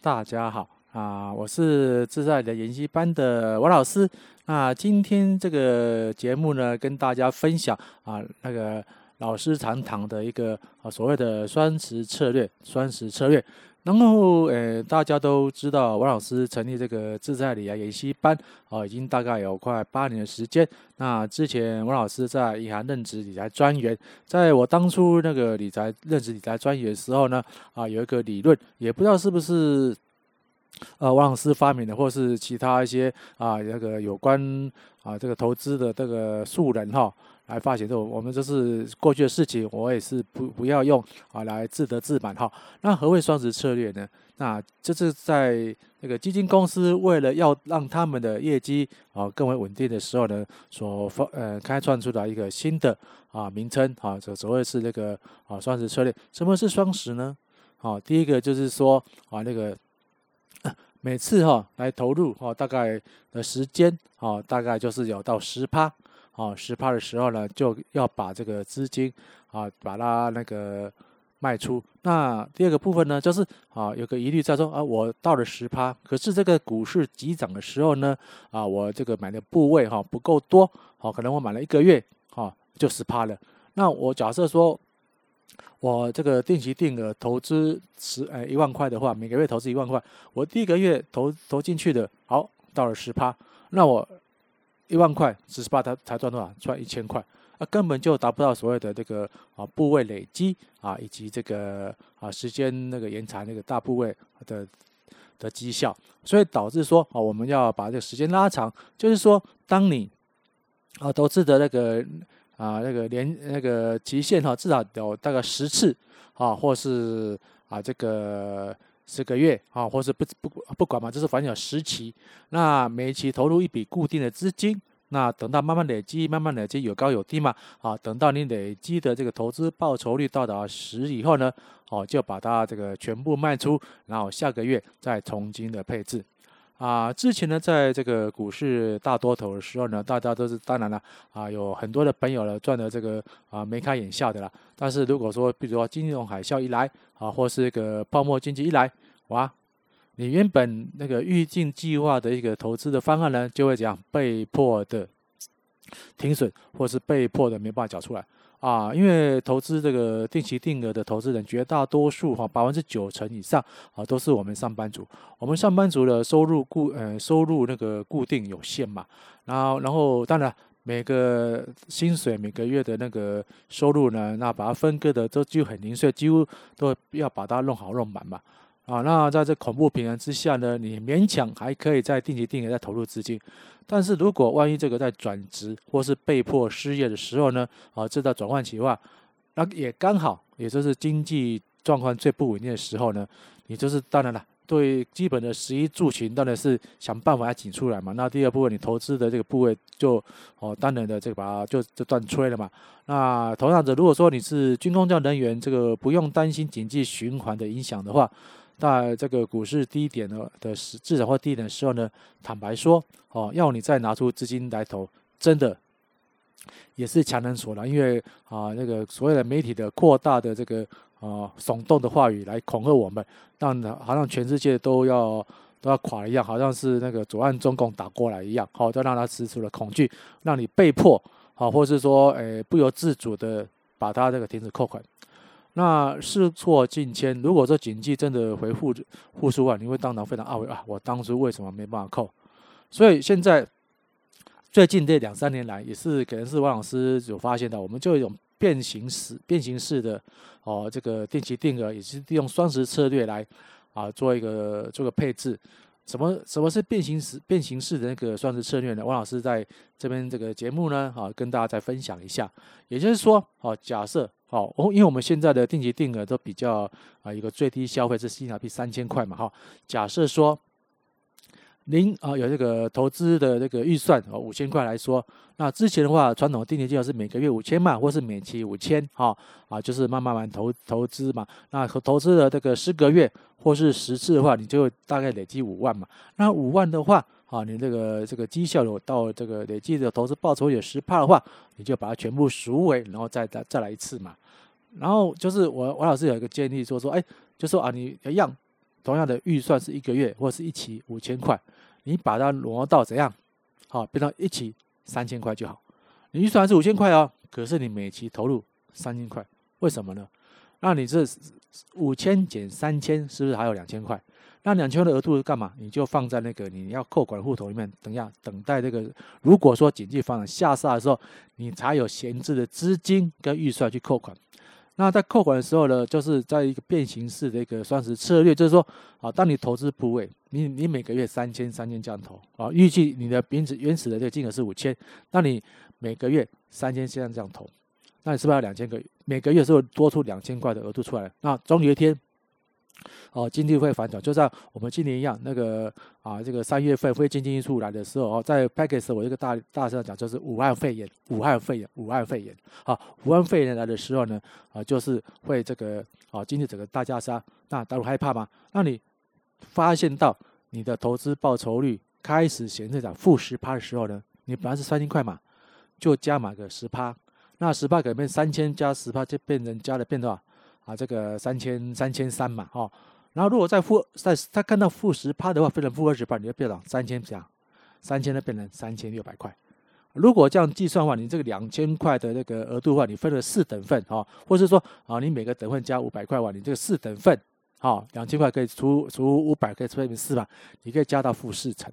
大家好啊，我是自在的研習班的王老師，啊，今天這個節目呢，跟大家分享啊，那個。老師常談的一個啊，所謂的雙十策略，雙十策略。然後呃、欸，大家都知道，王老師成立這個自在理財研習班，啊、呃，已經大概有快八年的時間。那之前，王老師在銀行任職理財專員，在我當初那個理財任職理財專員的時候呢，啊、呃，有一個理論，也不知道是不是呃王老師發明的，或是其他一些啊、呃、那個有關啊、呃、這個投資的這個素人哈。來發行我們，這是過去的事情，我也是不不要用啊來自得自滿哈。那何謂雙十策略呢？那這是在那個基金公司為了要讓他們的業績啊更為穩定的時候呢，所發呃開創出來一個新的啊名稱哈，所所謂是那個啊雙十策略。什麼是雙十呢？啊，第一個就是說啊那個每次哈來投入哈，大概的時間啊大概就是有到十趴。哦，十趴的時候呢，就要把這個資金，啊，把它那個賣出。那第二個部分呢，就是啊，有個疑慮在說啊，我到了十趴，可是這個股市急漲的時候呢，啊，我這個買的部位哈、啊、不夠多，好、啊，可能我買了一個月，哈、啊，就十趴了。那我假設說，我這個定期定額投資十呃、哎，一萬塊的話，每個月投資一萬塊，我第一個月投投進去的，好，到了十趴，那我。一萬塊，十趴才賺多少？賺一千塊，啊，根本就達不到所謂的這個啊部位累積啊，以及這個啊時間那個延長那個大部位的的績效，所以導致說啊，我們要把這個時間拉長，就是說，當你啊投資的那個啊那個連那個極限哈、啊，至少有大概十次啊，或是啊這個。十個月啊，或是不不不管嘛，就是反正有十期，那每期投入一筆固定的資金，那等到慢慢累積，慢慢累積有高有低嘛啊，等到你累積的這個投資報酬率到達十以後呢，哦、啊，就把它這個全部賣出，然後下個月再重新的配置啊。之前呢，在這個股市大多頭的時候呢，大家都是當然了啊，有很多的朋友呢賺的這個啊眉開眼笑的啦。但是如果說比如說金融海嘯一來啊，或是一個泡沫經濟一來，哇，你原本那個預定計劃的一個投資的方案呢，就會這樣被迫的停損，或是被迫的沒辦法繳出來啊。因為投資這個定期定額的投資人，絕大多數哈、啊，百分之九成以上啊，都是我們上班族。我們上班族的收入固呃收入那個固定有限嘛，然後然後當然每個薪水每個月的那個收入呢，那把它分割的都就很零碎，幾乎都要把它弄好弄滿嘛。啊，那在這恐怖平衡之下呢，你勉強還可以再定期定額再投入資金，但是如果萬一這個在轉職或是被迫失業的時候呢，啊，這到轉換期的話，那也剛好，也就是經濟狀況最不穩定的時候呢，你就是當然了，對基本的食衣住行當然是想辦法要擠出來嘛。那第二部分你投資的這個部位就哦，當然的，這個把它就就斷炊了嘛。那同樣的，如果說你是軍公教人員，這個不用擔心經濟循環的影響的話。在這個股市低點呢的時，至少在低點的時候呢，坦白說，哦，要你再拿出資金來投，真的也是強人所難，因為啊，那個所有的媒體的擴大的這個啊聳動的話語來恐嚇我們，讓好像全世界都要都要垮一樣，好像是那個左岸中共打過來一樣，好，就讓他失去了恐懼，讓你被迫啊，或是說誒、哎、不由自主的把他這個停止扣款。那事過境遷，如果說經濟真的回復復蘇啊，你會當然非常懊悔啊，我當初為什麼沒辦法扣？所以現在最近這兩三年來，也是可能是王老師有發現到，我們就一種變形式、變形式的哦，這個定期定額也是利用雙十策略來啊做一個做一個配置。什麼什麼是變形式、變形式的那個雙十策略呢？王老師在這邊這個節目呢，哈、哦，跟大家再分享一下。也就是說，哈、哦，假設。好，哦，因為我們現在的定期定額都比較啊、呃，一個最低消費是新台幣三千塊嘛，哈、哦。假設說，您啊、呃、有這個投資的這個預算五千、哦、塊來說，那之前的話，傳統定期定額是每個月五千嘛，或是每期五千、哦，哈啊，就是慢慢慢，慢投投資嘛。那投資的這個十個月或是十次的話，你就大概累積五萬嘛。那五萬的話。啊，你這個這個績效有到這個累計的投資報酬有十趴的話，你就把它全部贖回，然後再再再來一次嘛。然後就是我我老師有一個建議說說，哎，就是說啊，你一樣同樣的預算是一個月或是一期五千塊，你把它挪到怎樣？好，變成一期三千塊就好。你預算是五千塊啊，可是你每期投入三千塊，為什麼呢？那你這五千減三千，是不是還有兩千塊？那兩千萬的額度是幹嘛？你就放在那個你要扣款的戶頭裡面，等一下等待這個，如果說經濟發展下殺的時候，你才有閒置的資金跟預算去扣款。那在扣款的時候呢，就是在一個變形式的一個雙十策略，就是說啊，當你投資部位，你你每個月三千三千這樣投啊，預計你的原始原始的這個金額是五千，那你每個月三千這樣這樣投，那你是不是要兩千個月？每個月是不是多出兩千塊的額度出來，那總有一天。哦，經濟會反轉，就像我們今年一樣。那個啊，這個三月份非經濟因素的時候，在 package 我這個大大聲講，就是武漢肺炎，武漢肺炎，武漢肺炎。好、啊，武漢肺炎來的時候呢，啊，就是會這個啊，經歷整個大加殺。那大家害怕嗎？那你發現到你的投資報酬率開始顯示在負十趴的時候呢，你本來是三千塊嘛，就加碼個十趴。那十趴改變三千加十趴，就變成加了變多少？啊，這個三千三千三嘛，哈、哦，然後如果再在負再，他看到負十趴的話，分成負二十趴，你就變成三千三，三千的變成三千六百塊。如果這樣計算的話，你這個兩千塊的那個額度的話，你分了四等份，哈、哦，或是說啊，你每個等份加五百塊話、啊，你這個四等份，哈、哦，兩千塊可以除除五百，可以除以四嘛，你可以加到負四成。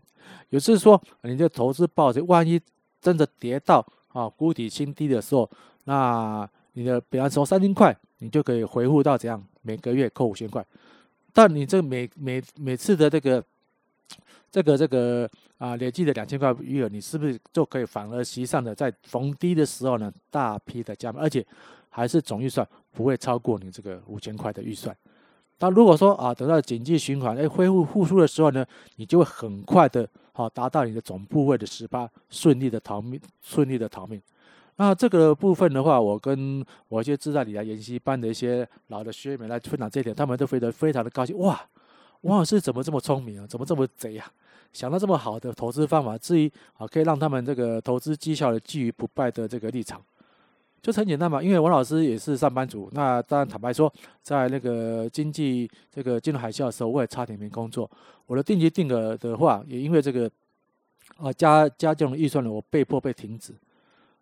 也就是說，你這個投資報這萬一真的跌到啊谷底新低的時候，那你的，比方說三千塊。你就可以回復到怎樣？每個月扣五千塊，但你這每每每次的這個這個這個啊累計的兩千塊餘額，你是不是就可以反而實際上的在逢低的時候呢，大批的加碼，而且還是總預算不會超過你這個五千塊的預算？那如果說啊，等到景氣循環哎恢復復甦的時候呢，你就會很快的好、啊、達到你的總部位的十八，順利的逃命，順利的逃命。那這個部分的話，我跟我一些自在理財研習班的一些老的學員們來分享這一點，他們都非常非常的高興。哇，王老師怎麼這麼聰明啊？怎麼這麼賊啊？想到這麼好的投資方法，至於啊，可以讓他們這個投資績效的基於不敗的這個立場，就是、很簡單嘛。因為王老師也是上班族，那當然坦白說，在那個經濟這個金融海嘯的時候，我也差點沒工作。我的定期定額的話，也因為這個啊加加這種預算呢，我被迫被停止。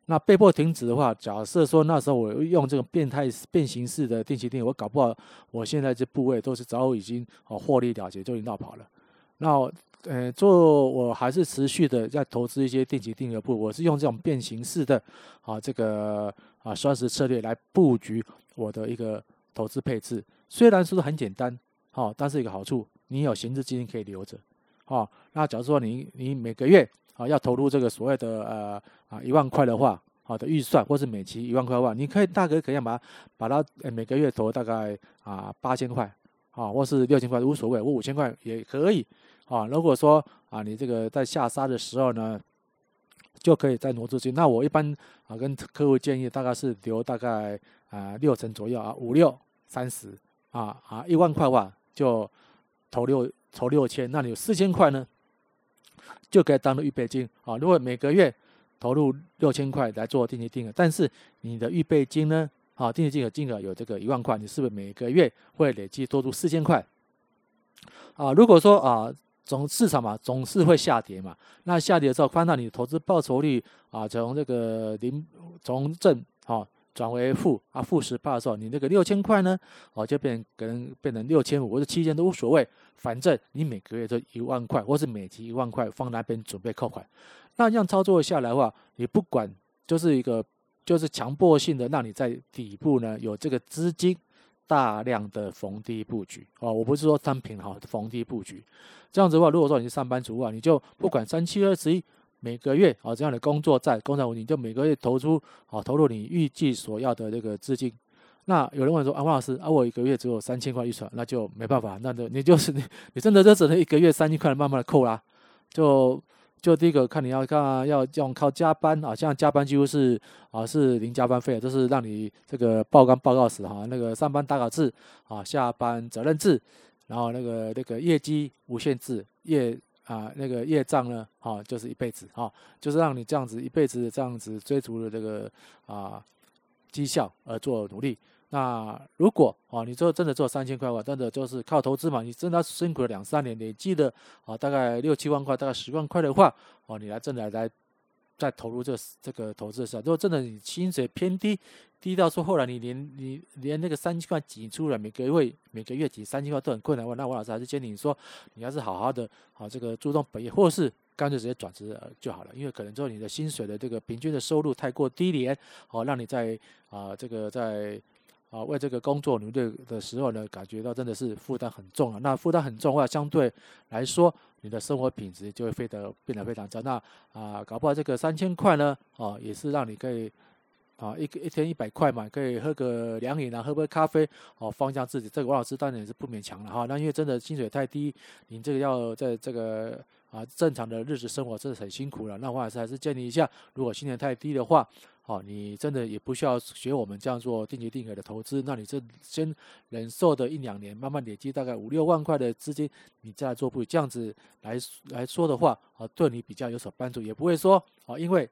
那被迫停止的話，假設說那時候我用這種變態變形式的定期定額，我搞不好我現在這部位都是早已經獲利了結，就已經鬧跑了。那呃，做我還是持續的在投資一些定期定額部，我是用這種變形式的啊這個啊雙十策略來布局我的一個投資配置。雖然說很簡單，哈、哦，但是一個好處，你有閒置資金可以留着，哈、哦，那假如說你你每個月，啊，要投入這個所謂的呃啊一萬塊的話，啊，的預算，或是每期一萬塊的話，你可以大概可以先把它把它，欸、每個月投大概啊八千塊，啊或是六千塊都無所謂，我五千塊也可以，啊如果說啊你這個在下沙的時候呢，就可以再挪出去。那我一般啊跟客戶建議大概是留大概啊六成左右啊，五六三十，啊 5, 6, 30, 啊一萬塊的話就投六投六千，那你有四千塊呢？就可以當做預備金啊！如果每個月投入六千塊來做定期定額，但是你的預備金呢？啊，定期定額金額有這個一萬塊，你是不是每個月會累計多出四千塊？啊，如果說啊，總市場嘛總是會下跌嘛，那下跌的時候，看到你的投資報酬率啊從這個零從正啊，轉為負啊，負十趴的時候，你那個六千塊呢，哦，就變可能變成六千五或者七千都無所謂，反正你每個月都一萬塊，或是每期一萬塊放那邊準備扣款，那這樣操作下來的話，你不管就是一個就是強迫性的讓你在底部呢有這個資金大量的逢低布局啊、哦，我不是說單品哈、哦、逢低布局，這樣子的話，如果說你是上班族啊，你就不管三七二十一，每個月啊，這樣的工作在工廠，你就每個月投出啊，投入你預計所要的那個資金。那有人問說，啊，王老師，啊，我一個月只有三千塊預算，那就沒辦法，那就你就是你，你真的就只能一個月三千塊慢慢的扣啦、啊。就就第一個看你要看要用靠加班啊，像加班幾乎是啊是零加班費，就是讓你這個報崗報告制哈、啊，那個上班打卡制啊，下班責任制，然後那個那個業績無限制業啊，那個業障呢？啊，就是一輩子啊，就是讓你這樣子一輩子這樣子追逐的這個啊績效而做努力。那如果啊，你做真的做三千塊的話，真的就是靠投資嘛？你真的要辛苦了兩三年，累積的啊，大概六七萬塊，大概十萬塊的話，啊，你來掙來來。在投入這個、這個投資的時候，如果真的你薪水偏低，低到說後來你連你連那個三千塊擠出來，每個月每個月擠三千塊都很困難的話，那王老師還是建議你說，你要是好好的啊，這個注重本業，或是乾脆直接轉職就好了，因為可能之後你的薪水的這個平均的收入太過低廉，好、啊、讓你在啊這個在。啊，為這個工作努力的時候呢，感覺到真的是負擔很重了，啊。那負擔很重的話，相對來說，你的生活品質就會非得變得非常差。那啊，搞不好這個三千塊呢，啊，也是讓你可以啊，一一天一百塊嘛，可以喝個涼飲啊，喝杯咖啡，哦、啊，放一下自己。這個王老師當然也是不勉強了哈。那因為真的薪水太低，你這個要在這個啊正常的日子生活，真的很辛苦了，啊。那王老師還是建議一下，如果薪水太低的話。好、哦，你真的也不需要學我們這樣做定期定額的投資，那你這先忍受的一兩年，慢慢累積大概五六萬塊的資金，你再來做布，這樣子來來說的話，啊、哦，對你比較有所幫助，也不會說啊、哦，因為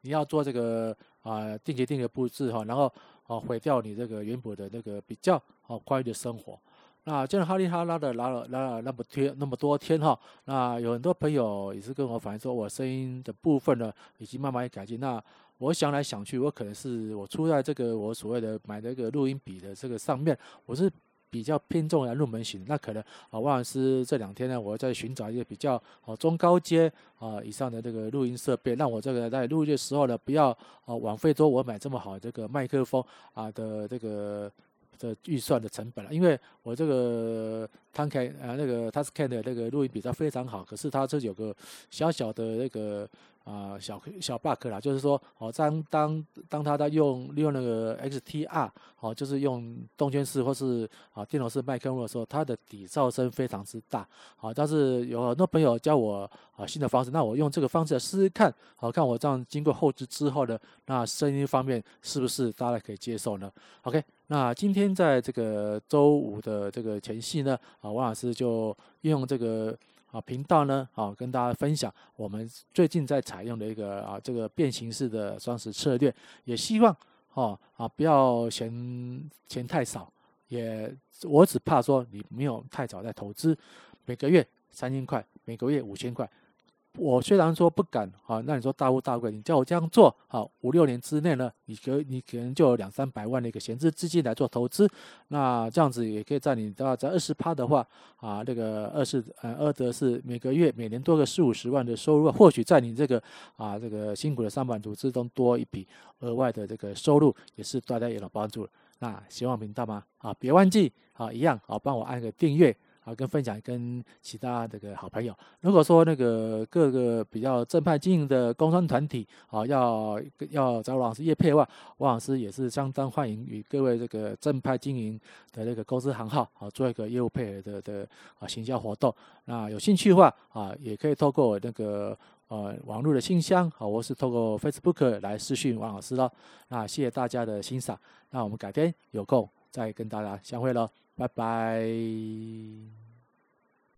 你要做這個啊、呃、定期定額布置哈、哦，然後啊，毀、哦、掉你這個原本的那個比較哦寬裕的生活。那這樣哈里哈拉的拉了拉了那麼天那麼多天哈、哦，那有很多朋友也是跟我反映說我聲音的部分呢，已經慢慢改進那。我想來想去，我可能是我出在這個我所謂的買這個錄音筆的這個上面，我是比較偏重於入門型。那可能啊，王老師這兩天呢，我在尋找一個比較啊中高階啊以上的這個錄音設備，讓我這個在錄音的時候呢，不要啊枉費多我買這麼好這個麥克風啊的這個的預算的成本了，因為我這個攤開啊，那個 Tascam 的那個錄音筆它非常好，可是它這有個小小的那個啊小小 bug 啦，就是說哦，當當當它在用利用那個 XTR，好、哦，就是用動圈式或是啊電容式麥克風的時候，它的底噪聲非常之大。好、哦，但是有很多朋友教我啊新的方式，那我用這個方式來試試看，好、哦、看我這樣經過後置之後的那聲音方面是不是大家可以接受呢？OK。那今天在這個周五的這個前夕呢，啊，王老師就運用這個啊頻道呢，啊，跟大家分享我們最近在採用的一個啊這個變形式的雙十策略，也希望啊啊不要嫌錢太少，也我只怕說你沒有太早在投資，每個月三千塊，每個月五千塊。我雖然說不敢啊，那你說大富大貴，你叫我這樣做好，啊，五六年之內呢，你可你可能就有兩三百萬的一個閒置資金來做投資，那這樣子也可以在你在20的話在二十趴的話啊，那、這個二十呃、嗯、二得是每個月每年多個四五十萬的收入，或許在你這個啊這個辛苦的上班族之中多一筆額外的這個收入，也是大家有了幫助。那喜歡頻道嗎？啊，別忘記啊，一樣啊，幫我按個訂閱。啊，跟分享跟其他這個好朋友，如果說那個各個比較正派經營的工商團體啊，要要找王老師業配的話，王老師也是相當歡迎與各位這個正派經營的這個公司行號啊，做一個業務配合的的啊，行銷活動。那有興趣的話啊，也可以透過那個呃、啊、網絡的信箱啊，或是透過 Facebook 來私訊王老師咯。那謝謝大家的欣賞，那我們改天有空再跟大家相會咯。拜拜。